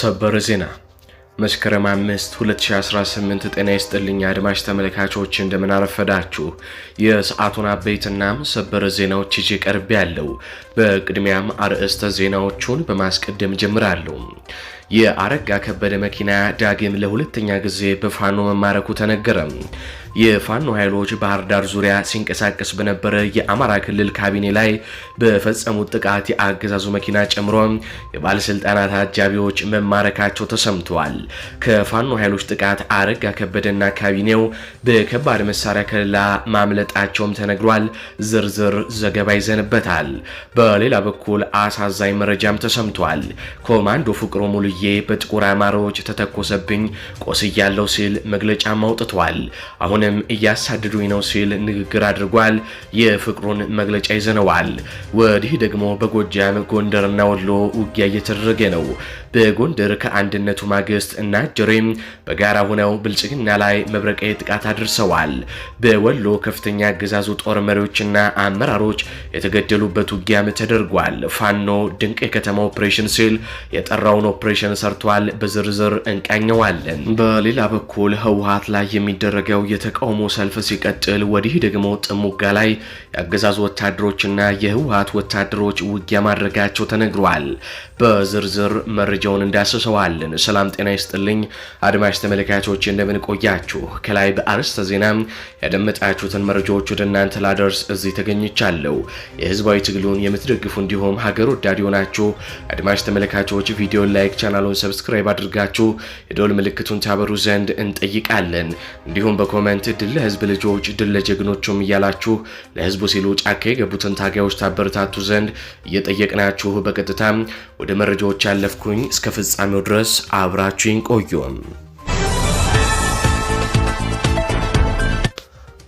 ሰበር ዜና መስከረም 5 2018። ጤና ይስጥልኝ አድማጭ ተመልካቾች እንደምን አረፈዳችሁ። የሰዓቱን አበይትና ሰበር ዜናዎች ይዤ ቀርብ ያለው። በቅድሚያም አርዕስተ ዜናዎቹን በማስቀደም ጀምራለሁ። የአረጋ ከበደ መኪና ዳግም ለሁለተኛ ጊዜ በፋኖ መማረኩ ተነገረ። የፋኖ ኃይሎች ባህር ዳር ዙሪያ ሲንቀሳቀስ በነበረ የአማራ ክልል ካቢኔ ላይ በፈጸሙት ጥቃት የአገዛዙ መኪና ጨምሮ የባለስልጣናት አጃቢዎች መማረካቸው ተሰምተዋል። ከፋኖ ኃይሎች ጥቃት አረጋ ከበደና ካቢኔው በከባድ መሳሪያ ከለላ ማምለጣቸውም ተነግሯል። ዝርዝር ዘገባ ይዘንበታል። በሌላ በኩል አሳዛኝ መረጃም ተሰምቷል። ኮማንዶ ፍቅሮ ሙሉዬ በጥቁር አማራዎች ተተኮሰብኝ ቆስያለው ሲል መግለጫም አውጥቷል። አሁን አሁንም እያሳድዱኝ ነው ሲል ንግግር አድርጓል። የፍቅሩን መግለጫ ይዘነዋል። ወዲህ ደግሞ በጎጃም ጎንደርና ወሎ ውጊያ እየተደረገ ነው። በጎንደር ከአንድነቱ ማግስት እና ጀሬም በጋራ ሆነው ብልጽግና ላይ መብረቃዊ ጥቃት አድርሰዋል። በወሎ ከፍተኛ አገዛዙ ጦር መሪዎችና አመራሮች የተገደሉበት ውጊያም ተደርጓል። ፋኖ ድንቅ የከተማ ኦፕሬሽን ሲል የጠራውን ኦፕሬሽን ሰርቷል። በዝርዝር እንቃኘዋለን። በሌላ በኩል ህወሀት ላይ የሚደረገው የተቃውሞ ሰልፍ ሲቀጥል፣ ወዲህ ደግሞ ጥሙጋ ላይ የአገዛዙ ወታደሮችና የህወሀት ወታደሮች ውጊያ ማድረጋቸው ተነግሯል። በዝርዝር መረጃ መረጃውን እንዳስሰዋለን። ሰላም ጤና ይስጥልኝ አድማጭ ተመልካቾች እንደምን ቆያችሁ? ከላይ በአርስተ ዜና ያደመጣችሁትን መረጃዎች ወደ እናንተ ላደርስ እዚህ ተገኝቻለሁ። የህዝባዊ ትግሉን የምትደግፉ እንዲሁም ሀገር ወዳድ የሆናችሁ አድማጭ ተመልካቾች ቪዲዮን ላይክ፣ ቻናሉን ሰብስክራይብ አድርጋችሁ የዶል ምልክቱን ታበሩ ዘንድ እንጠይቃለን። እንዲሁም በኮመንት ድል ለህዝብ ልጆች ድል ለጀግኖቹም እያላችሁ ለህዝቡ ሲሉ ጫካ የገቡትን ታጋዮች ታበረታቱ ዘንድ እየጠየቅናችሁ በቀጥታ ወደ መረጃዎች ያለፍኩኝ እስከ ፍጻሜው ድረስ አብራችሁን ቆዩም።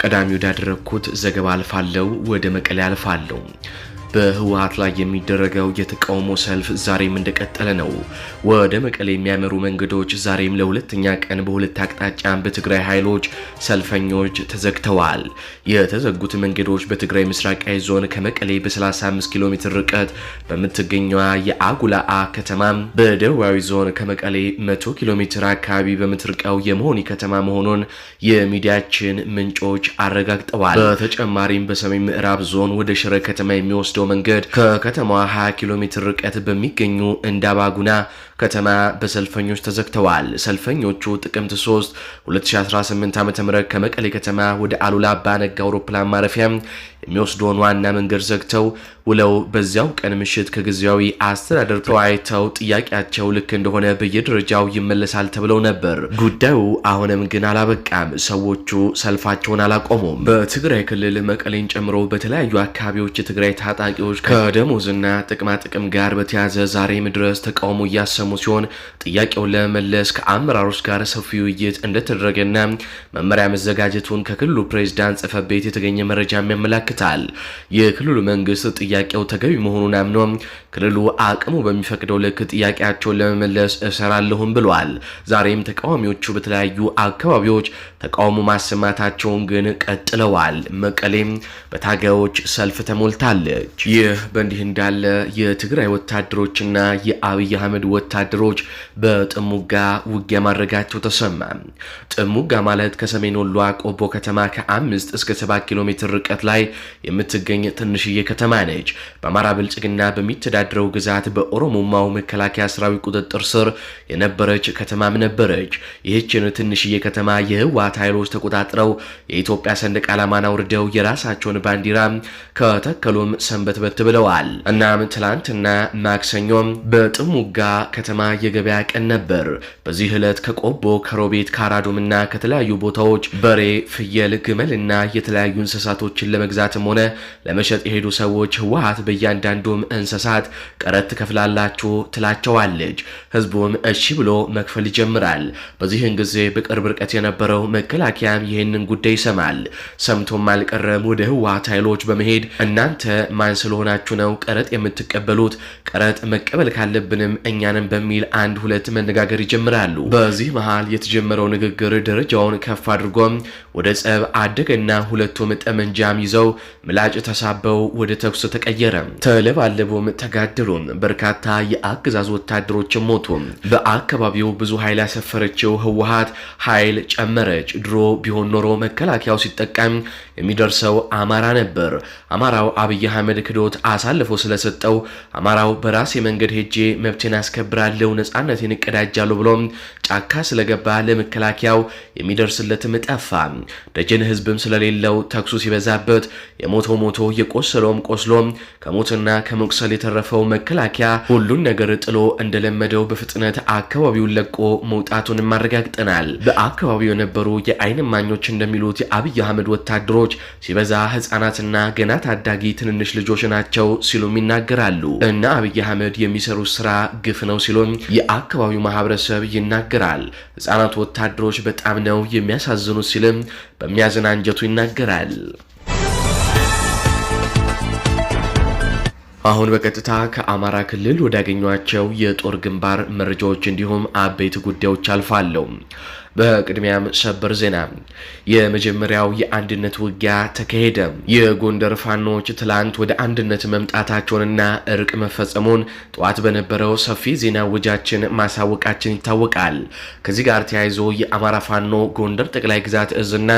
ቀዳሚ ወዳደረግኩት ዘገባ አልፋለው ወደ መቀሌ አልፋለሁ። በህወሀት ላይ የሚደረገው የተቃውሞ ሰልፍ ዛሬም እንደቀጠለ ነው። ወደ መቀሌ የሚያመሩ መንገዶች ዛሬም ለሁለተኛ ቀን በሁለት አቅጣጫ በትግራይ ኃይሎች ሰልፈኞች ተዘግተዋል። የተዘጉት መንገዶች በትግራይ ምስራቃዊ ዞን ከመቀሌ በ35 ኪሎ ሜትር ርቀት በምትገኘዋ የአጉላአ ከተማ፣ በደቡባዊ ዞን ከመቀሌ 100 ኪሎ ሜትር አካባቢ በምትርቀው የመሆኒ ከተማ መሆኑን የሚዲያችን ምንጮች አረጋግጠዋል። በተጨማሪም በሰሜን ምዕራብ ዞን ወደ ሽረ ከተማ የሚወስደው መንገድ ከከተማዋ 20 ኪሎ ሜትር ርቀት በሚገኙ እንዳባጉና ከተማ በሰልፈኞች ተዘግተዋል። ሰልፈኞቹ ጥቅምት 3 2018 ዓ ም ከመቀሌ ከተማ ወደ አሉላ አባነጋ አውሮፕላን ማረፊያ የሚወስደውን ዋና መንገድ ዘግተው ውለው በዚያው ቀን ምሽት ከጊዜያዊ አስተዳደር ተወያይተው ጥያቄያቸው ልክ እንደሆነ በየደረጃው ይመለሳል ተብለው ነበር። ጉዳዩ አሁንም ግን አላበቃም። ሰዎቹ ሰልፋቸውን አላቆሙም። በትግራይ ክልል መቀሌን ጨምሮ በተለያዩ አካባቢዎች የትግራይ ታጣቂዎች ከደሞዝና ጥቅማጥቅም ጋር በተያያዘ ዛሬም ድረስ ተቃውሞ እያሰሙ ያሰሙ ሲሆን ጥያቄውን ለመመለስ ከአመራሮች ጋር ሰፊ ውይይት እንደተደረገና መመሪያ መዘጋጀቱን ከክልሉ ፕሬዚዳንት ጽህፈት ቤት የተገኘ መረጃም ያመላክታል። የክልሉ መንግስት ጥያቄው ተገቢ መሆኑን አምኖ ክልሉ አቅሙ በሚፈቅደው ልክ ጥያቄያቸውን ለመመለስ እሰራለሁም ብሏል። ዛሬም ተቃዋሚዎቹ በተለያዩ አካባቢዎች ተቃውሞ ማሰማታቸውን ግን ቀጥለዋል። መቀሌም በታጋዮች ሰልፍ ተሞልታለች። ይህ በእንዲህ እንዳለ የትግራይ ወታደሮችና የአብይ አህመድ ወታደሮች በጥሙጋ ውጊያ ማድረጋቸው ተሰማ። ጥሙጋ ማለት ከሰሜን ወሎ ቆቦ ከተማ ከአምስት እስከ ሰባት ኪሎ ሜትር ርቀት ላይ የምትገኝ ትንሽዬ ከተማ ነች። በአማራ ብልጽግና በሚተዳድረው ግዛት በኦሮሞማው መከላከያ ሰራዊት ቁጥጥር ስር የነበረች ከተማም ነበረች። ይህችን ትንሽዬ ከተማ የህዋ የህወሓት ኃይሎች ተቆጣጥረው የኢትዮጵያ ሰንደቅ ዓላማን አውርደው የራሳቸውን ባንዲራ ከተከሉም ሰንበት በት ብለዋል። እናም ትላንትና ማክሰኞም በጥሙጋ ከተማ የገበያ ቀን ነበር። በዚህ ዕለት ከቆቦ ከሮቤት፣ ከአራዱምና ከተለያዩ ቦታዎች በሬ፣ ፍየል፣ ግመልና የተለያዩ እንስሳቶችን ለመግዛትም ሆነ ለመሸጥ የሄዱ ሰዎች ህወሓት በእያንዳንዱም እንስሳት ቀረጥ ትከፍላላችሁ ትላቸዋለች። ህዝቡም እሺ ብሎ መክፈል ይጀምራል። በዚህን ጊዜ በቅርብ ርቀት የነበረው መ መከላከያም ይህንን ጉዳይ ይሰማል። ሰምቶም አልቀረም ወደ ህወሓት ኃይሎች በመሄድ እናንተ ማን ስለሆናችሁ ነው ቀረጥ የምትቀበሉት? ቀረጥ መቀበል ካለብንም እኛንም በሚል አንድ ሁለት መነጋገር ይጀምራሉ። በዚህ መሃል የተጀመረው ንግግር ደረጃውን ከፍ አድርጎም ወደ ጸብ አደገና ሁለቱም ጠመንጃም ይዘው ምላጭ ተሳበው ወደ ተኩስ ተቀየረ። ተለባለቡም፣ ተጋደሉም። በርካታ የአገዛዝ ወታደሮችም ሞቱ። በአካባቢው ብዙ ኃይል ያሰፈረችው ህወሓት ኃይል ጨመረች። ድሮ ቢሆን ኖሮ መከላከያው ሲጠቀም የሚደርሰው አማራ ነበር። አማራው አብይ አህመድ ክዶት አሳልፎ ስለሰጠው አማራው በራስ የመንገድ ሄጄ መብቴን አስከብራለሁ፣ ነጻነቴን እቀዳጃለሁ ብሎም ጫካ ስለገባ ለመከላከያው የሚደርስለትም ጠፋ። ደጀን ህዝብም ስለሌለው ተኩሱ ሲበዛበት የሞቶ ሞቶ የቆሰለውም ቆስሎ ከሞትና ከመቁሰል የተረፈው መከላከያ ሁሉን ነገር ጥሎ እንደለመደው በፍጥነት አካባቢውን ለቆ መውጣቱንም አረጋግጠናል። በአካባቢው የነበሩ የአይን ማኞች እንደሚሉት የአብይ አህመድ ወታደሮች ችግሮች ሲበዛ ህጻናትና ገና ታዳጊ ትንንሽ ልጆች ናቸው ሲሉም ይናገራሉ። እነ አብይ አህመድ የሚሰሩት ስራ ግፍ ነው ሲሉም የአካባቢው ማህበረሰብ ይናገራል። ህጻናት ወታደሮች በጣም ነው የሚያሳዝኑት ሲልም በሚያዝን አንጀቱ ይናገራል። አሁን በቀጥታ ከአማራ ክልል ወዳገኟቸው የጦር ግንባር መረጃዎች እንዲሁም አበይት ጉዳዮች አልፋለሁ። በቅድሚያም ሰበር ዜና፣ የመጀመሪያው የአንድነት ውጊያ ተካሄደ። የጎንደር ፋኖች ትላንት ወደ አንድነት መምጣታቸውንና እርቅ መፈጸሙን ጠዋት በነበረው ሰፊ ዜና ውጃችን ማሳወቃችን ይታወቃል። ከዚህ ጋር ተያይዞ የአማራ ፋኖ ጎንደር ጠቅላይ ግዛት እዝና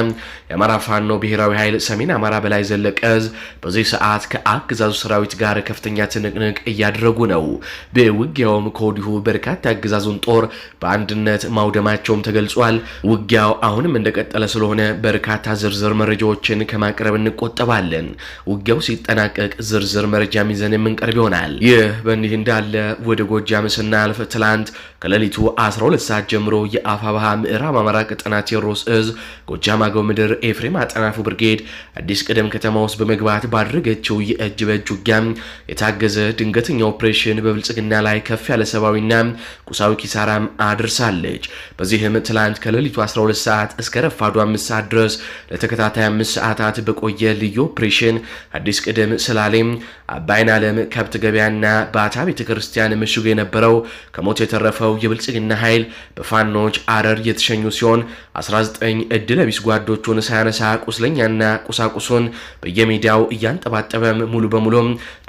የአማራ ፋኖ ብሔራዊ ኃይል ሰሜን አማራ በላይ ዘለቀ እዝ በዚህ ሰዓት ከአገዛዙ ሰራዊት ጋር ከፍተኛ ትንቅንቅ እያደረጉ ነው። በውጊያውም ከወዲሁ በርካታ አገዛዙን ጦር በአንድነት ማውደማቸውም ተገልጿል። ውጊያው አሁንም እንደቀጠለ ስለሆነ በርካታ ዝርዝር መረጃዎችን ከማቅረብ እንቆጠባለን። ውጊያው ሲጠናቀቅ ዝርዝር መረጃ ሚዘን የምንቀርብ ይሆናል። ይህ በእንዲህ እንዳለ ወደ ጎጃም ስናልፍ ትላንት ከሌሊቱ 12 ሰዓት ጀምሮ የአፋባሃ ምዕራብ አማራ ቀጠና ቴዎድሮስ እዝ ጎጃም አገው ምድር ኤፍሬም አጠናፉ ብርጌድ አዲስ ቅደም ከተማ ውስጥ በመግባት ባድረገችው የእጅ በእጅ ውጊያም የታገዘ ድንገተኛ ኦፕሬሽን በብልጽግና ላይ ከፍ ያለ ሰብአዊና ቁሳዊ ኪሳራም አድርሳለች። በዚህም ትላንት ከሌሊቱ 12 ሰዓት እስከ ረፋዱ 5 ሰዓት ድረስ ለተከታታይ 5 ሰዓታት በቆየ ልዩ ኦፕሬሽን አዲስ ቅድም ስላሌም፣ አባይን አለም፣ ከብት ገበያና ባታ ቤተ ክርስቲያን ምሽጉ የነበረው ከሞት የተረፈው የብልጽግና ኃይል በፋኖች አረር የተሸኙ ሲሆን 19 እድለ ቢስ ጓዶቹን ሳያነሳ ቁስለኛና ቁሳቁሱን በየሜዳው እያንጠባጠበም ሙሉ በሙሉ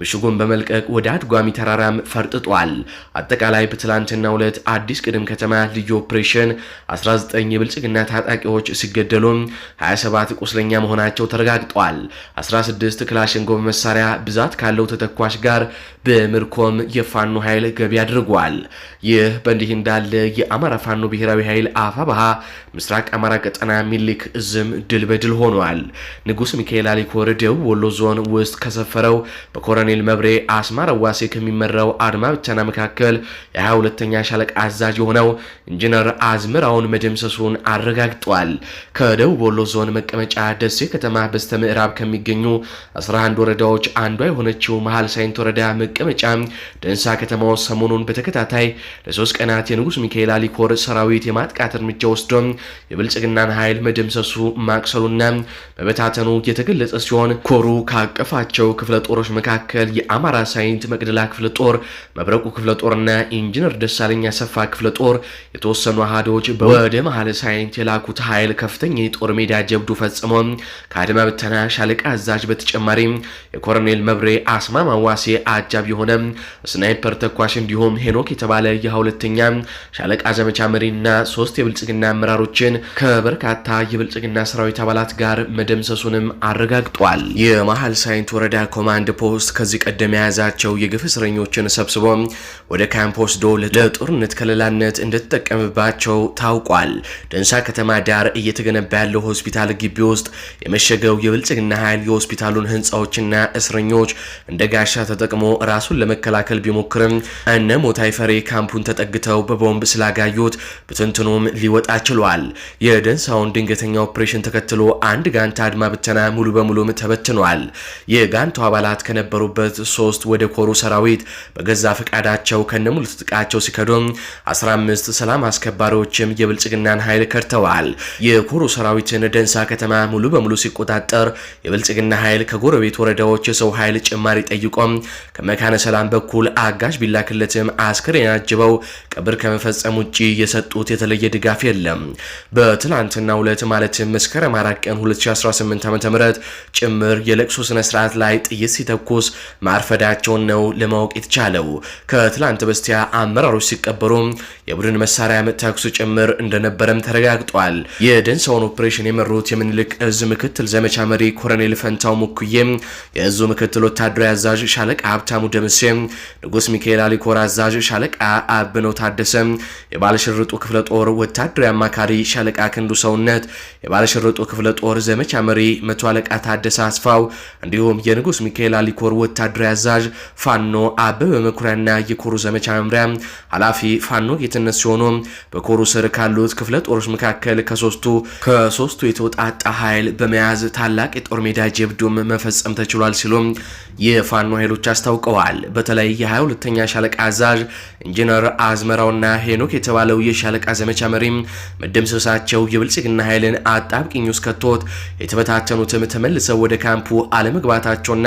ምሽጉ ሸንጎን በመልቀቅ ወደ አድጓሚ ተራራም ፈርጥጧል። አጠቃላይ በትላንትና ሁለት አዲስ ቅድም ከተማ ልዩ ኦፕሬሽን 19 የብልጽግና ታጣቂዎች ሲገደሉ 27 ቁስለኛ መሆናቸው ተረጋግጧል። 16 ክላሽንኮቭ መሳሪያ ብዛት ካለው ተተኳሽ ጋር በምርኮም የፋኖ ኃይል ገቢ አድርጓል። ይህ በእንዲህ እንዳለ የአማራ ፋኖ ብሔራዊ ኃይል አፋባሃ ምስራቅ አማራ ቀጠና ሚሊክ እዝም ድል በድል ሆኗል። ንጉስ ሚካኤል አሊኮር ደቡብ ወሎ ዞን ውስጥ ከሰፈረው በኮሎኔል ገብሬ አስማረ ዋሴ ከሚመራው አድማ ብቻና መካከል የ22ኛ ሻለቃ አዛዥ የሆነው ኢንጂነር አዝመራውን መደምሰሱን አረጋግጧል። ከደቡብ ወሎ ዞን መቀመጫ ደሴ ከተማ በስተ ምዕራብ ከሚገኙ 11 ወረዳዎች አንዷ የሆነችው መሀል ሳይንት ወረዳ መቀመጫ ደንሳ ከተማ ውስጥ ሰሞኑን በተከታታይ ለሶስት ቀናት የንጉስ ሚካኤል አሊኮር ሰራዊት የማጥቃት እርምጃ ወስዶ የብልጽግናን ኃይል መደምሰሱ ማቅሰሉና መበታተኑ የተገለጸ ሲሆን ኮሩ ካቀፋቸው ክፍለ ጦሮች መካከል የአማራ ሳይንት መቅደላ ክፍለ ጦር፣ መብረቁ ክፍለ ጦርና ኢንጂነር ደሳለኝ አሰፋ ክፍለ ጦር የተወሰኑ አሃዶች ወደ መሀል ሳይንት የላኩት ኃይል ከፍተኛ የጦር ሜዳ ጀብዱ ፈጽሞ ከአድማ ብተና ሻለቃ አዛዥ በተጨማሪ የኮሎኔል መብሬ አስማማ ዋሴ አጃብ የሆነ ስናይፐር ተኳሽ እንዲሁም ሄኖክ የተባለ የሁለተኛ ሻለቃ ዘመቻ መሪና ሶስት የብልጽግና አመራሮችን ከበርካታ የብልጽግና ሰራዊት አባላት ጋር መደምሰሱንም አረጋግጧል። የመሀል ሳይንት ወረዳ ኮማንድ ፖስት ከዚህ ቀደም የያዛቸው የግፍ እስረኞችን ሰብስቦ ወደ ካምፕ ወስዶ ለጦርነት ከለላነት እንደተጠቀምባቸው ታውቋል። ደንሳ ከተማ ዳር እየተገነባ ያለው ሆስፒታል ግቢ ውስጥ የመሸገው የብልጽግና ኃይል የሆስፒታሉን ህንፃዎችና እስረኞች እንደ ጋሻ ተጠቅሞ ራሱን ለመከላከል ቢሞክርም እነ ሞታይ ፈሬ ካምፑን ተጠግተው በቦምብ ስላጋዩት ብትንትኑም ሊወጣ ችሏል። የደንሳውን ድንገተኛ ኦፕሬሽን ተከትሎ አንድ ጋንታ አድማ ብተና ሙሉ በሙሉም ተበትኗል። የጋንታው አባላት ከነበሩበት ሶስት ወደ ኮሩ ሰራዊት በገዛ ፈቃዳቸው ከነሙሉ ትጥቃቸው ሲከዱ 15 ሰላም አስከባሪዎችም የብልጽግናን ኃይል ከድተዋል። የኮሩ ሰራዊትን ደንሳ ከተማ ሙሉ በሙሉ ሲቆጣጠር የብልጽግና ኃይል ከጎረቤት ወረዳዎች የሰው ኃይል ጭማሪ ጠይቆም ከመካነ ሰላም በኩል አጋዥ ቢላክለትም አስክሬን አጅበው ቀብር ከመፈጸም ውጭ የሰጡት የተለየ ድጋፍ የለም። በትላንትና ሁለት ማለትም መስከረም 4 ቀን 2018 ዓ.ም ጭምር የለቅሶ ስነስርዓት ላይ ጥይት ሲተኩስ ማርፈዳቸውን ነው ለማወቅ የተቻለው። ከትላንት በስቲያ አመራሮች ሲቀበሩ የቡድን መሳሪያ ተኩስ ጭምር እንደነበረም ተረጋግጧል። የደንሳውን ኦፕሬሽን የመሩት የምኒልክ እዝ ምክትል ዘመቻ መሪ ኮሎኔል ፈንታው ሙኩዬም፣ የእዙ ምክትል ወታደራዊ አዛዥ ሻለቃ ሀብታሙ ደምሴ፣ ንጉስ ሚካኤል አሊኮር አዛዥ ሻለቃ አብነው ታደሰ፣ የባለሽርጡ ክፍለ ጦር ወታደራዊ አማካሪ ሻለቃ ክንዱ ሰውነት፣ የባለሽርጡ ክፍለ ጦር ዘመቻ መሪ መቶ አለቃ ታደሰ አስፋው እንዲሁም የንጉስ ሚካኤል አሊኮር ወታደ ወታደራዊ አዛዥ ፋኖ አበበ መኩሪያና የኮሩ ዘመቻ መምሪያ ኃላፊ ፋኖ ጌትነት ሲሆኑ በኮሩ ስር ካሉት ክፍለ ጦሮች መካከል ከሶስቱ ከሶስቱ የተውጣጣ ኃይል በመያዝ ታላቅ የጦር ሜዳ ጀብዱም መፈጸም ተችሏል ሲሉም የፋኖ ኃይሎች አስታውቀዋል። በተለይ የ22ኛ ሻለቃ አዛዥ ኢንጂነር አዝመራውና ሄኖክ የተባለው የሻለቃ ዘመቻ መሪም መደምሰሳቸው የብልጽግና ኃይልን አጣብቂኝ ውስጥ ከቶት የተበታተኑትም ተመልሰው ወደ ካምፑ አለመግባታቸውና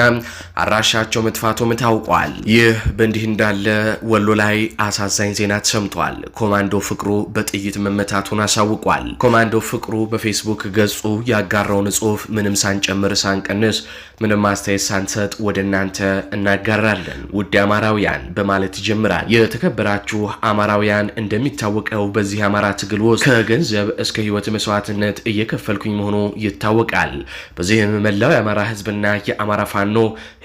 አራሻቸው መጥፋቱም ታውቋል። ይህ በእንዲህ እንዳለ ወሎ ላይ አሳዛኝ ዜና ተሰምቷል። ኮማንዶ ፍቅሩ በጥይት መመታቱን አሳውቋል። ኮማንዶ ፍቅሩ በፌስቡክ ገጹ ያጋራውን ጽሑፍ ምንም ሳንጨምር ሳንቀንስ ምንም አስተያየት ሳንሰጥ ወደ እናንተ እናጋራለን። ውድ አማራውያን በማለት ይጀምራል። የተከበራችሁ አማራውያን እንደሚታወቀው በዚህ አማራ ትግል ውስጥ ከገንዘብ እስከ ህይወት መስዋዕትነት እየከፈልኩኝ መሆኑ ይታወቃል። በዚህም መላው የአማራ ህዝብና የአማራ ፋኖ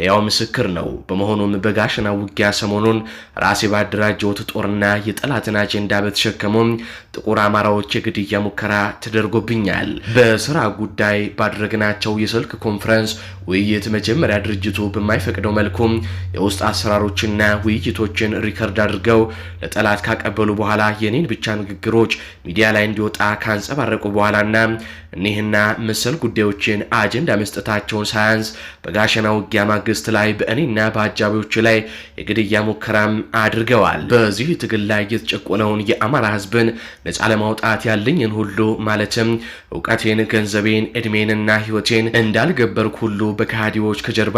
ሕያው ምስክር ነው። በመሆኑም በጋሸና ውጊያ ሰሞኑን ራሴ ባደራጀሁት ጦርና የጠላትን አጀንዳ በተሸከሙም ጥቁር አማራዎች የግድያ ሙከራ ተደርጎብኛል። በስራ ጉዳይ ባደረግናቸው የስልክ ኮንፈረንስ ውይይት መጀመሪያ ድርጅቱ በማይፈቅደው መልኩም የውስጥ አሰራሮችና ውይይቶችን ሪከርድ አድርገው ለጠላት ካቀበሉ በኋላ የኔን ብቻ ንግግሮች ሚዲያ ላይ እንዲወጣ ካንጸባረቁ በኋላና እኒህና ምስል ጉዳዮችን አጀንዳ መስጠታቸውን ሳያንስ በጋሸና ውጊያ ማግስት ላይ በእኔና በአጃቢዎች ላይ የግድያ ሙከራም አድርገዋል። በዚህ ትግል ላይ የተጨቆነውን የአማራ ህዝብን ነጻ ለማውጣት ያለኝን ሁሉ ማለትም እውቀቴን፣ ገንዘቤን፣ እድሜንና ህይወቴን እንዳልገበርኩ ሁሉ በከሃዲዎች ከጀርባ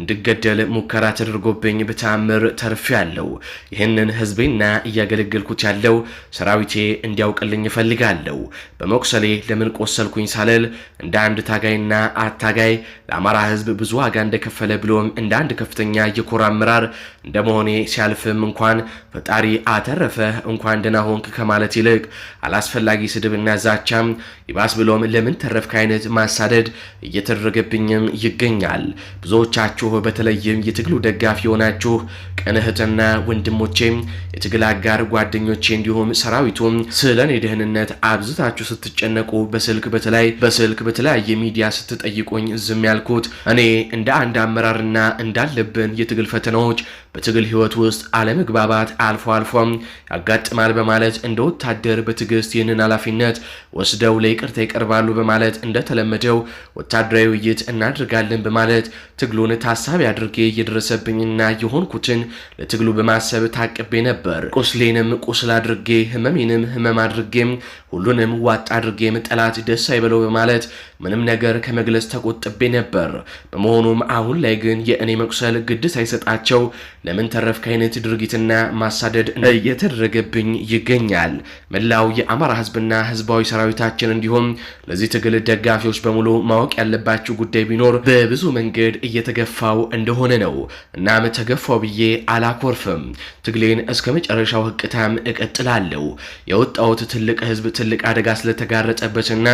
እንድገደል ሙከራ ተደርጎብኝ በተአምር ተርፌያለሁ። ይህንን ህዝቤና እያገለገልኩት ያለው ሰራዊቴ እንዲያውቅልኝ እፈልጋለሁ። በመቁሰሌ ለምን ቆሰልኩኝ ሳልል እንደ አንድ ታጋይና አታጋይ ለአማራ ህዝብ ብዙ ዋጋ እንደከፈለ ብሎም እንደ አንድ ከፍተኛ የኮር አመራር እንደመሆኔ ሲያልፍም እንኳን ፈጣሪ አተረፈ እንኳን ደህና ሆንክ ከማለት ይልቅ አላስፈላጊ ስድብና ዛቻም ይባስ ብሎም ለምን ተረፍክ አይነት ማሳደድ እየተደረገብኝም ይገኛል። ብዙዎቻችሁ በተለይም የትግሉ ደጋፊ የሆናችሁ ቀን እህትና ወንድሞቼም የትግል አጋር ጓደኞቼ፣ እንዲሁም ሰራዊቱም ስለ እኔ ደህንነት አብዝታችሁ ስትጨነቁ በስልክ በተለይ በስልክ በተለያየ ሚዲያ ስትጠይቁኝ ዝም ያልኩት እኔ እንደ አንድ አመራርና እንዳለብን የትግል ፈተናዎች በትግል ህይወት ውስጥ አለመግባባት አልፎ አልፎም ያጋጥማል በማለት እንደ ወታደር በትዕግስት ይህንን ኃላፊነት ወስደው ለይቅርታ ይቀርባሉ በማለት እንደተለመደው ወታደራዊ ውይይት እናድርጋል እናደርጋለን በማለት ትግሉን ታሳቢ አድርጌ እየደረሰብኝና የሆንኩትን ለትግሉ በማሰብ ታቅቤ ነበር። ቁስሌንም ቁስል አድርጌ ህመሜንም ህመም አድርጌም ሁሉንም ዋጥ አድርጌም ጠላት ደስ አይበለው በማለት ምንም ነገር ከመግለጽ ተቆጥቤ ነበር። በመሆኑም አሁን ላይ ግን የእኔ መቁሰል ግድ ሳይሰጣቸው ለምን ተረፍክ አይነት ድርጊትና ማሳደድ እየተደረገብኝ ይገኛል። መላው የአማራ ህዝብና ህዝባዊ ሰራዊታችን እንዲሁም ለዚህ ትግል ደጋፊዎች በሙሉ ማወቅ ያለባቸው ጉዳይ ቢኖር በብዙ መንገድ እየተገፋው እንደሆነ ነው። እናም ተገፋው ብዬ አላኮርፍም። ትግሌን እስከ መጨረሻው ህቅታም እቀጥላለሁ። የወጣሁት ትልቅ ህዝብ ትልቅ አደጋ ስለተጋረጠበትና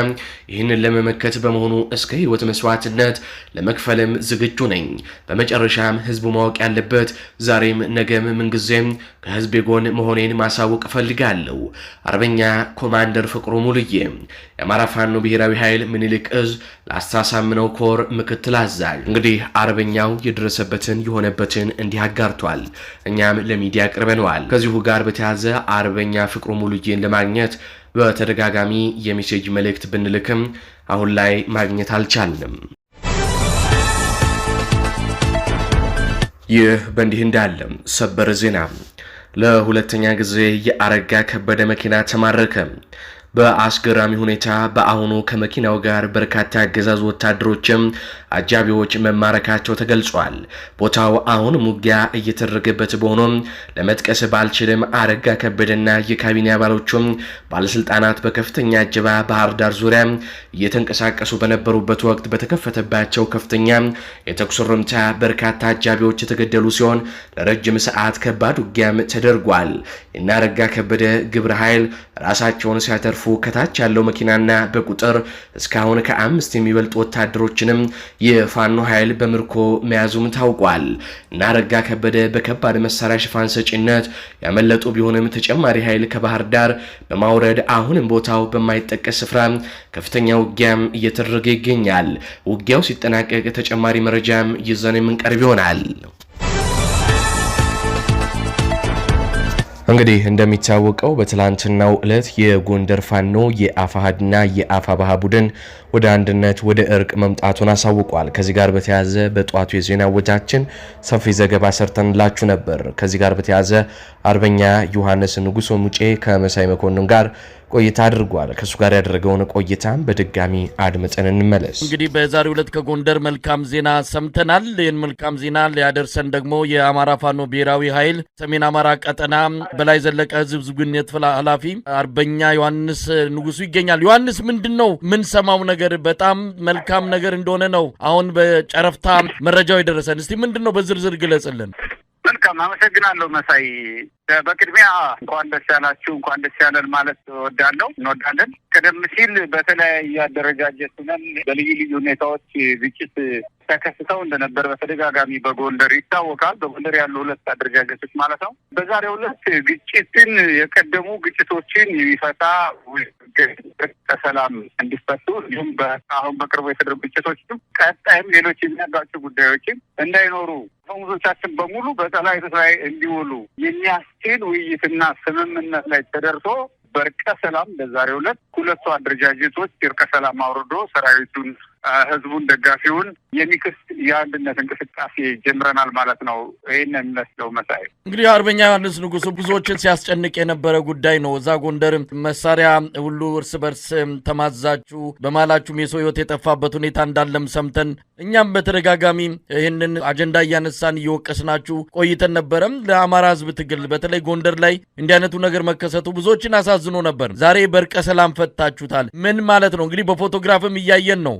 ይህንን ለመመከት በመሆኑ እስከ ህይወት መስዋዕትነት ለመክፈልም ዝግጁ ነኝ። በመጨረሻም ህዝቡ ማወቅ ያለበት ዛሬም ነገም ምንጊዜም ከህዝብ ጎን መሆኔን ማሳወቅ እፈልጋለሁ። አርበኛ ኮማንደር ፍቅሩ ሙሉዬ የአማራ ፋኖ ብሔራዊ ኃይል ምኒልክ እዝ ላስታሳምነው ኮር ምክትል ምክትል አዛዥ እንግዲህ አርበኛው የደረሰበትን የሆነበትን እንዲህ አጋርቷል። እኛም ለሚዲያ ቅርበነዋል። ከዚሁ ጋር በተያያዘ አርበኛ ፍቅሩ ሙሉጌን ለማግኘት በተደጋጋሚ የሜሴጅ መልእክት ብንልክም አሁን ላይ ማግኘት አልቻልንም። ይህ በእንዲህ እንዳለ ሰበር ዜና፣ ለሁለተኛ ጊዜ የአረጋ ከበደ መኪና ተማረከ። በአስገራሚ ሁኔታ በአሁኑ ከመኪናው ጋር በርካታ አገዛዝ ወታደሮችም አጃቢዎች መማረካቸው ተገልጿል። ቦታው አሁንም ውጊያ እየተደረገበት በሆኖም ለመጥቀስ ባልችልም አረጋ ከበደና የካቢኔ አባሎቹም ባለስልጣናት በከፍተኛ አጀባ ባህር ዳር ዙሪያ እየተንቀሳቀሱ በነበሩበት ወቅት በተከፈተባቸው ከፍተኛ የተኩስ ርምታ በርካታ አጃቢዎች የተገደሉ ሲሆን ለረጅም ሰዓት ከባድ ውጊያም ተደርጓል። አረጋ ከበደ ግብረ ኃይል ራሳቸውን ሲያተርፉ ሲያልፉ ከታች ያለው መኪናና በቁጥር እስካሁን ከአምስት የሚበልጡ ወታደሮችንም የፋኖ ኃይል በምርኮ መያዙም ታውቋል። እናረጋ ከበደ በከባድ መሳሪያ ሽፋን ሰጪነት ያመለጡ ቢሆንም ተጨማሪ ኃይል ከባህር ዳር በማውረድ አሁንም ቦታው በማይጠቀስ ስፍራ ከፍተኛ ውጊያም እየተደረገ ይገኛል። ውጊያው ሲጠናቀቅ ተጨማሪ መረጃም ይዘን የምንቀርብ ይሆናል። እንግዲህ እንደሚታወቀው በትላንትናው ዕለት የጎንደር ፋኖ የአፋሃድና የአፋባሃ ቡድን ወደ አንድነት ወደ እርቅ መምጣቱን አሳውቋል። ከዚህ ጋር በተያያዘ በጠዋቱ የዜና ወጃችን ሰፊ ዘገባ ሰርተንላችሁ ነበር። ከዚህ ጋር በተያያዘ አርበኛ ዮሐንስ ንጉሶ ሙጬ ከመሳይ መኮንን ጋር ቆይታ አድርጓል። ከእሱ ጋር ያደረገውን ቆይታም በድጋሚ አድምጠን እንመለስ። እንግዲህ በዛሬው ዕለት ከጎንደር መልካም ዜና ሰምተናል። ይህን መልካም ዜና ሊያደርሰን ደግሞ የአማራ ፋኖ ብሔራዊ ኃይል ሰሜን አማራ ቀጠና በላይ ዘለቀ ህዝብ ግንኙነት ኃላፊ አርበኛ ዮሐንስ ንጉሱ ይገኛል። ዮሐንስ ምንድን ነው ምን ሰማው ነገር ነገር በጣም መልካም ነገር እንደሆነ ነው አሁን በጨረፍታ መረጃው የደረሰን። እስቲ ምንድን ነው በዝርዝር ግለጽልን። መልካም አመሰግናለሁ መሳይ። በቅድሚያ እንኳን ደስ ያላችሁ እንኳን ደስ ያለን ማለት ወዳለው እንወዳለን። ቀደም ሲል በተለያየ አደረጃጀት ነን በልዩ ልዩ ሁኔታዎች ግጭት ተከስተው እንደነበር በተደጋጋሚ በጎንደር ይታወቃል። በጎንደር ያሉ ሁለት አደረጃጀቶች ማለት ነው። በዛሬው ዕለት ግጭትን የቀደሙ ግጭቶችን የሚፈታ ከሰላም እንዲፈቱ እንዲሁም አሁን በቅርቡ የተደረጉ ግጭቶችም ቀጣይም ሌሎች የሚያጋጩ ጉዳዮችን እንዳይኖሩ ተውዞቻችን በሙሉ በሰላይቱ ላይ እንዲውሉ የሚያስችል ውይይትና ስምምነት ላይ ተደርሶ በእርቀ ሰላም በዛሬው ዕለት ሁለቱ አደረጃጀቶች እርቀ ሰላም አውርዶ ሰራዊቱን ህዝቡን፣ ደጋፊውን የሚክስ የአንድነት እንቅስቃሴ ጀምረናል ማለት ነው። ይህን የሚመስለው መሳይ እንግዲህ አርበኛ ዮሐንስ ንጉሱ ብዙዎችን ሲያስጨንቅ የነበረ ጉዳይ ነው። እዛ ጎንደር መሳሪያ ሁሉ እርስ በርስ ተማዛችሁ በማላችሁም የሰው ህይወት የጠፋበት ሁኔታ እንዳለም ሰምተን እኛም በተደጋጋሚ ይህንን አጀንዳ እያነሳን እየወቀስናችሁ ቆይተን ነበረም። ለአማራ ህዝብ ትግል በተለይ ጎንደር ላይ እንዲህ አይነቱ ነገር መከሰቱ ብዙዎችን አሳዝኖ ነበር። ዛሬ በእርቀ ሰላም ፈታችሁታል። ምን ማለት ነው እንግዲህ በፎቶግራፍም እያየን ነው።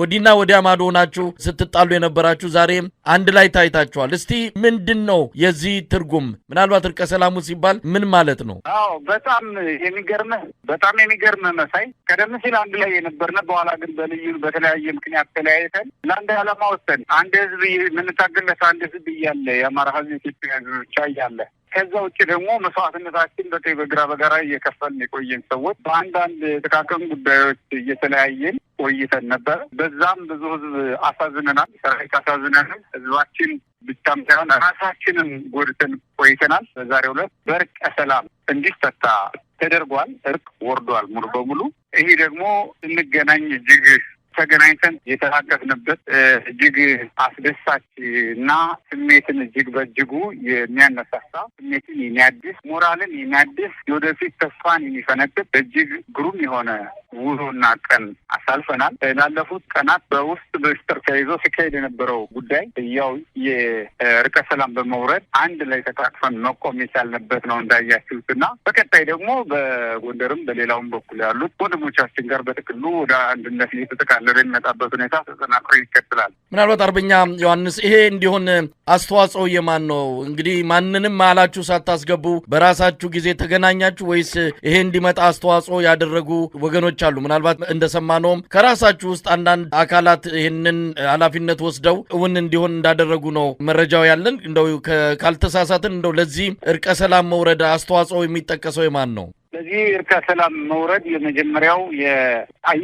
ወዲና ወዲያ ማዶ ናችሁ ስትጣሉ የነበራችሁ ዛሬ አንድ ላይ ታይታችኋል። እስቲ ምንድን ነው የዚህ ትርጉም? ምናልባት እርቀ ሰላሙ ሲባል ምን ማለት ነው? አዎ በጣም የሚገርመ በጣም የሚገርመ መሳይ ቀደም ሲል አንድ ላይ የነበርነ በኋላ ግን በልዩ በተለያየ ምክንያት ተለያይተን ለአንድ ዓላማ ወሰን አንድ ህዝብ የምንታገለት አንድ ህዝብ እያለ የአማራ ህዝብ ኢትዮጵያ ህዝብ ብቻ እያለ ከዛ ውጭ ደግሞ መስዋዕትነታችን በቀኝ በግራ በጋራ እየከፈልን የቆየን ሰዎች በአንዳንድ ጥቃቅን ጉዳዮች እየተለያየን ቆይተን ነበር። በዛም ብዙ ህዝብ አሳዝነናል። ሰራዊት አሳዝነናል። ህዝባችን ብቻም ሳይሆን ራሳችንም ጎድተን ቆይተናል። በዛሬው ዕለት በእርቀ ሰላም እንዲፈታ ተደርጓል። እርቅ ወርዷል ሙሉ በሙሉ። ይሄ ደግሞ እንገናኝ እጅግ ተገናኝተን የተሳተፍንበት እጅግ አስደሳች እና ስሜትን እጅግ በእጅጉ የሚያነሳሳ ስሜትን የሚያድስ ሞራልን የሚያድስ የወደፊት ተስፋን የሚፈነጥቅ እጅግ ግሩም የሆነ ውሎና ቀን አሳልፈናል። ላለፉት ቀናት በውስጥ ምስጢር ተይዞ ሲካሄድ የነበረው ጉዳይ ያው የርቀ ሰላም በመውረድ አንድ ላይ ተቃቅፈን መቆም የቻልንበት ነው እንዳያችሁት እና በቀጣይ ደግሞ በጎንደርም በሌላውም በኩል ያሉት ወንድሞቻችን ጋር በጥቅሉ ወደ አንድነት እየተጠቃለ የሚመጣበት ሁኔታ ተጠናክሮ ይቀጥላል። ምናልባት አርበኛ ዮሐንስ ይሄ እንዲሆን አስተዋጽኦ የማን ነው? እንግዲህ ማንንም አላችሁ ሳታስገቡ በራሳችሁ ጊዜ ተገናኛችሁ ወይስ ይሄ እንዲመጣ አስተዋጽኦ ያደረጉ ወገኖች አሉ? ምናልባት እንደሰማነውም ከራሳችሁ ውስጥ አንዳንድ አካላት ይህንን ኃላፊነት ወስደው እውን እንዲሆን እንዳደረጉ ነው መረጃው ያለን። እንደው ካልተሳሳትን እንደው ለዚህ እርቀ ሰላም መውረድ አስተዋጽኦ የሚጠቀሰው የማን ነው? በዚህ እርቀ ሰላም መውረድ የመጀመሪያው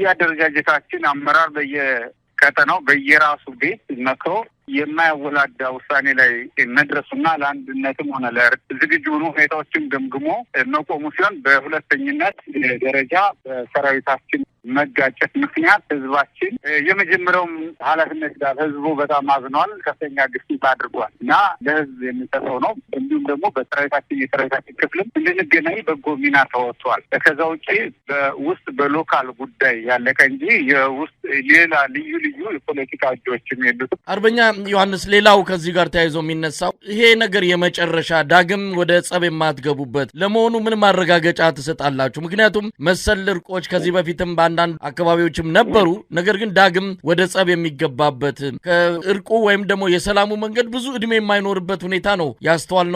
የአደረጃጀታችን አመራር በየቀጠናው በየራሱ ቤት መክሮ የማያወላዳ ውሳኔ ላይ መድረሱና ለአንድነትም ሆነ ዝግጁ ሆኑ ሁኔታዎችን ገምግሞ መቆሙ ሲሆን በሁለተኝነት ደረጃ በሰራዊታችን መጋጨት ምክንያት ህዝባችን የመጀመሪያውም ኃላፊነት ጋር ህዝቡ በጣም አዝኗል። ከፍተኛ ግፊት አድርጓል እና ለህዝብ የምንሰጠው ነው። እንዲሁም ደግሞ በሰራዊታችን የሰራዊታችን ክፍልም እንድንገናኝ በጎ ሚና ተወጥቷል። ከዛ ውጭ በውስጥ በሎካል ጉዳይ ያለቀ እንጂ የውስጥ ሌላ ልዩ ልዩ የፖለቲካ እጆችም የሉትም። አርበኛ ዮሐንስ፣ ሌላው ከዚህ ጋር ተያይዞ የሚነሳው ይሄ ነገር የመጨረሻ ዳግም ወደ ጸብ የማትገቡበት ለመሆኑ ምን ማረጋገጫ ትሰጣላችሁ? ምክንያቱም መሰል እርቆች ከዚህ በፊትም አንዳንድ አካባቢዎችም ነበሩ። ነገር ግን ዳግም ወደ ጸብ የሚገባበት ከእርቁ ወይም ደግሞ የሰላሙ መንገድ ብዙ እድሜ የማይኖርበት ሁኔታ ነው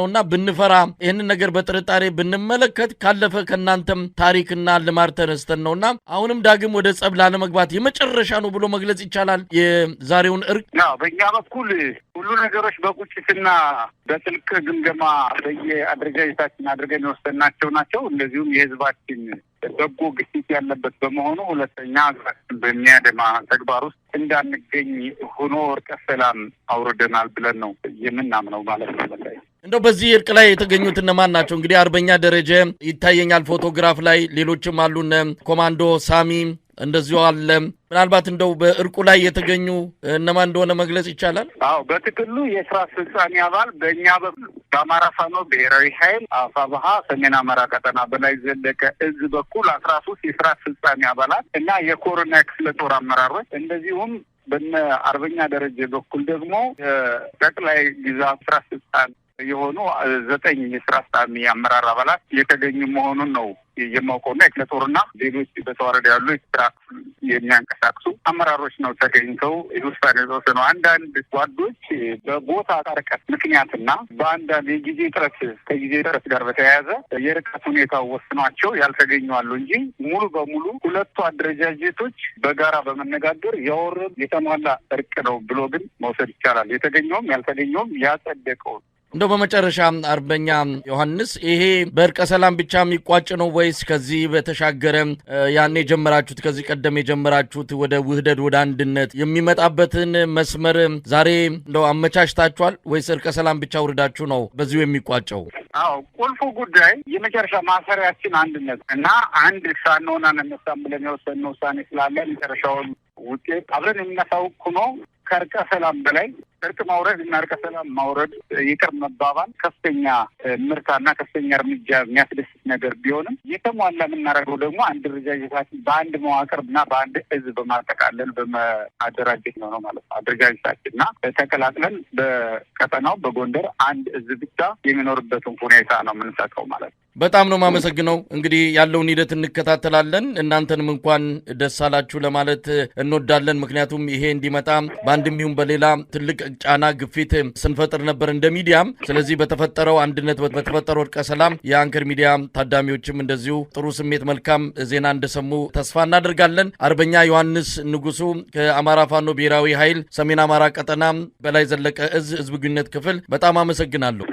እና ብንፈራ ይህንን ነገር በጥርጣሬ ብንመለከት ካለፈ ከእናንተም ታሪክና ልማድ ተነስተን ነውና አሁንም ዳግም ወደ ጸብ ላለመግባት የመጨረሻ ነው ብሎ መግለጽ ይቻላል። የዛሬውን እርቅ በእኛ በኩል ሁሉ ነገሮች በቁጭትና በጥልቅ ግምገማ በየአደረጃጀታችን አድርገን የወሰናቸው ናቸው። እንደዚሁም የህዝባችን በጎ ግፊት ያለበት በመሆኑ ሁለተኛ ሀገራችን በሚያደማ ተግባር ውስጥ እንዳንገኝ ሆኖ እርቀ ሰላም አውርደናል ብለን ነው የምናምነው ማለት ነው። እንደው በዚህ እርቅ ላይ የተገኙት እነማን ናቸው? እንግዲህ አርበኛ ደረጀ ይታየኛል ፎቶግራፍ ላይ፣ ሌሎችም አሉ እነ ኮማንዶ ሳሚ እንደዚሁ አለ። ምናልባት እንደው በእርቁ ላይ የተገኙ እነማን እንደሆነ መግለጽ ይቻላል? አዎ በትክሉ የስራ አስፈጻሚ አባል በእኛ በኩል በአማራ ፋኖ ብሔራዊ ኃይል አፋብሃ ሰሜን አማራ ቀጠና በላይ ዘለቀ እዝ በኩል አስራ ሶስት የስራ አስፈጻሚ አባላት እና የኮሮና ክፍለ ጦር አመራሮች እንደዚሁም በነ አርበኛ ደረጀ በኩል ደግሞ ጠቅላይ ግዛት ስራ አስፈጻሚ የሆኑ ዘጠኝ የስራ አስፈጻሚ አመራር አባላት የተገኙ መሆኑን ነው የማውቀውና ክፍለ ጦርና ሌሎች በተዋረድ ያሉ የስራ የሚያንቀሳቅሱ አመራሮች ነው ተገኝተው ውሳኔ የተወሰነው። አንዳንድ ጓዶች በቦታ ርቀት ምክንያትና በአንዳንድ የጊዜ ጥረት ከጊዜ ጥረት ጋር በተያያዘ የርቀት ሁኔታ ወስኗቸው ያልተገኙ አሉ እንጂ ሙሉ በሙሉ ሁለቱ አደረጃጀቶች በጋራ በመነጋገር ያወረዱ የተሟላ እርቅ ነው ብሎ ግን መውሰድ ይቻላል። የተገኘውም ያልተገኘውም ያጸደቀው እንደው በመጨረሻ አርበኛ ዮሐንስ ይሄ በእርቀ ሰላም ብቻ የሚቋጭ ነው ወይስ ከዚህ በተሻገረ ያኔ የጀመራችሁት ከዚህ ቀደም የጀመራችሁት ወደ ውህደት ወደ አንድነት የሚመጣበትን መስመር ዛሬ እንደው አመቻችታችኋል ወይስ እርቀ ሰላም ብቻ ውርዳችሁ ነው በዚሁ የሚቋጨው? አዎ ቁልፉ ጉዳይ የመጨረሻ ማሰሪያችን አንድነት እና አንድ ሳንሆን አንነሳም ብለን የወሰንነው ውሳኔ ስላለ መጨረሻውን ውጤት አብረን የምናሳውቅ ነው። ከእርቀ ሰላም በላይ እርቅ ማውረድ እና እርቀ ሰላም ማውረድ ይቅር መባባል ከፍተኛ ምርታና ከፍተኛ እርምጃ የሚያስደስት ነገር ቢሆንም የተሟላ የምናደርገው ደግሞ አንድ አደረጃጀታችን በአንድ መዋቅር እና በአንድ እዝ በማጠቃለል በመአደራጀት ነው ነው ማለት ነው። አደረጃጀታችን እና ተቀላቅለን በቀጠናው በጎንደር አንድ እዝ ብቻ የሚኖርበትን ሁኔታ ነው የምንሰጠው ማለት ነው። በጣም ነው የማመሰግነው። እንግዲህ ያለውን ሂደት እንከታተላለን። እናንተንም እንኳን ደስ አላችሁ ለማለት እንወዳለን። ምክንያቱም ይሄ እንዲመጣ በአንድም ይሁን በሌላ ትልቅ ጫና፣ ግፊት ስንፈጥር ነበር እንደ ሚዲያም። ስለዚህ በተፈጠረው አንድነት፣ በተፈጠረው እርቀ ሰላም የአንከር ሚዲያ ታዳሚዎችም እንደዚሁ ጥሩ ስሜት፣ መልካም ዜና እንደሰሙ ተስፋ እናደርጋለን። አርበኛ ዮሐንስ ንጉሱ ከአማራ ፋኖ ብሔራዊ ኃይል ሰሜን አማራ ቀጠና በላይ ዘለቀ እዝ ህዝብ ግንኙነት ክፍል በጣም አመሰግናለሁ።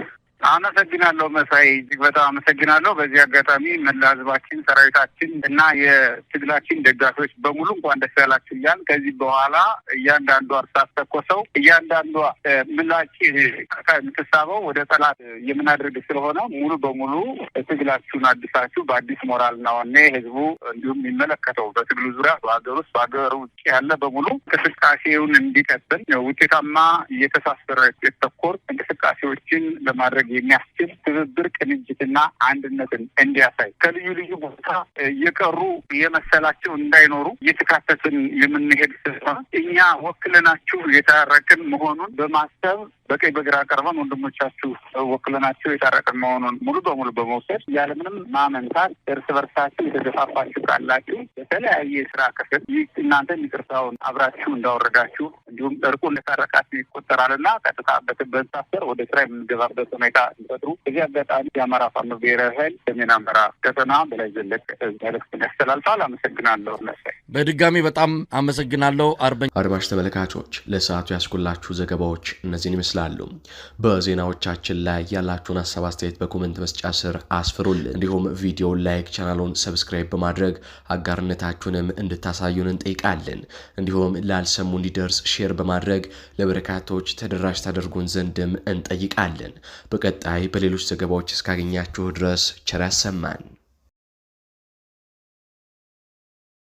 አመሰግናለሁ መሳይ፣ እጅግ በጣም አመሰግናለሁ። በዚህ አጋጣሚ መላ ህዝባችን፣ ሰራዊታችን እና የትግላችን ደጋፊዎች በሙሉ እንኳን ደስ ያላችሁ እያል ከዚህ በኋላ እያንዳንዱ አርሶ አስተኮሰው እያንዳንዱ ምላጭ የምትሳበው ወደ ጠላት የምናደርግ ስለሆነ ሙሉ በሙሉ ትግላችሁን አድሳችሁ በአዲስ ሞራልና ወኔ ህዝቡ እንዲሁም የሚመለከተው በትግሉ ዙሪያ በሀገር ውስጥ በሀገር ውጭ ያለ በሙሉ እንቅስቃሴውን እንዲቀጥል ውጤታማ እየተሳሰረ የተኮር እንቅስቃሴዎችን ለማድረግ የሚያስችል ትብብር፣ ቅንጅትና አንድነትን እንዲያሳይ ከልዩ ልዩ ቦታ እየቀሩ የመሰላቸው እንዳይኖሩ እየተካተትን የምንሄድ እኛ ወክለናችሁ የታረቅን መሆኑን በማሰብ በቀኝ በግራ ቀርበን ወንድሞቻችሁ ወክለናቸው የታረቅን መሆኑን ሙሉ በሙሉ በመውሰድ ያለምንም ማመንታት እርስ በርሳችሁ የተገፋፋችሁ ካላችሁ በተለያየ ስራ ክፍል ይህ እናንተን ይቅርታውን አብራችሁ እንዳወረዳችሁ እንዲሁም እርቁ እንደታረቃችሁ ይቆጠራልና ቀጥታ በትበንሳፈር ወደ ስራ የምንገባበት ሁኔታ ሲፈጥሩ እዚህ አጋጣሚ የአማራ ፋኖ ብሔራዊ ኃይል ሰሜን አማራ ቀጠና በላይ ዘለቀ መልዕክት ያስተላልፋል። አመሰግናለሁ መሳይ በድጋሚ በጣም አመሰግናለሁ አርበኛ አድማሽ ተመልካቾች፣ ለሰዓቱ ያስኩላችሁ ዘገባዎች እነዚህን ይመስላሉ። በዜናዎቻችን ላይ ያላችሁን ሀሳብ አስተያየት በኮመንት መስጫ ስር አስፍሩልን። እንዲሁም ቪዲዮ ላይክ፣ ቻናሉን ሰብስክራይብ በማድረግ አጋርነታችሁንም እንድታሳዩን እንጠይቃለን። እንዲሁም ላልሰሙ እንዲደርስ ሼር በማድረግ ለበርካቶች ተደራሽ ታደርጉን ዘንድም እንጠይቃለን። በቀጣይ በሌሎች ዘገባዎች እስካገኛችሁ ድረስ ቸር ያሰማን።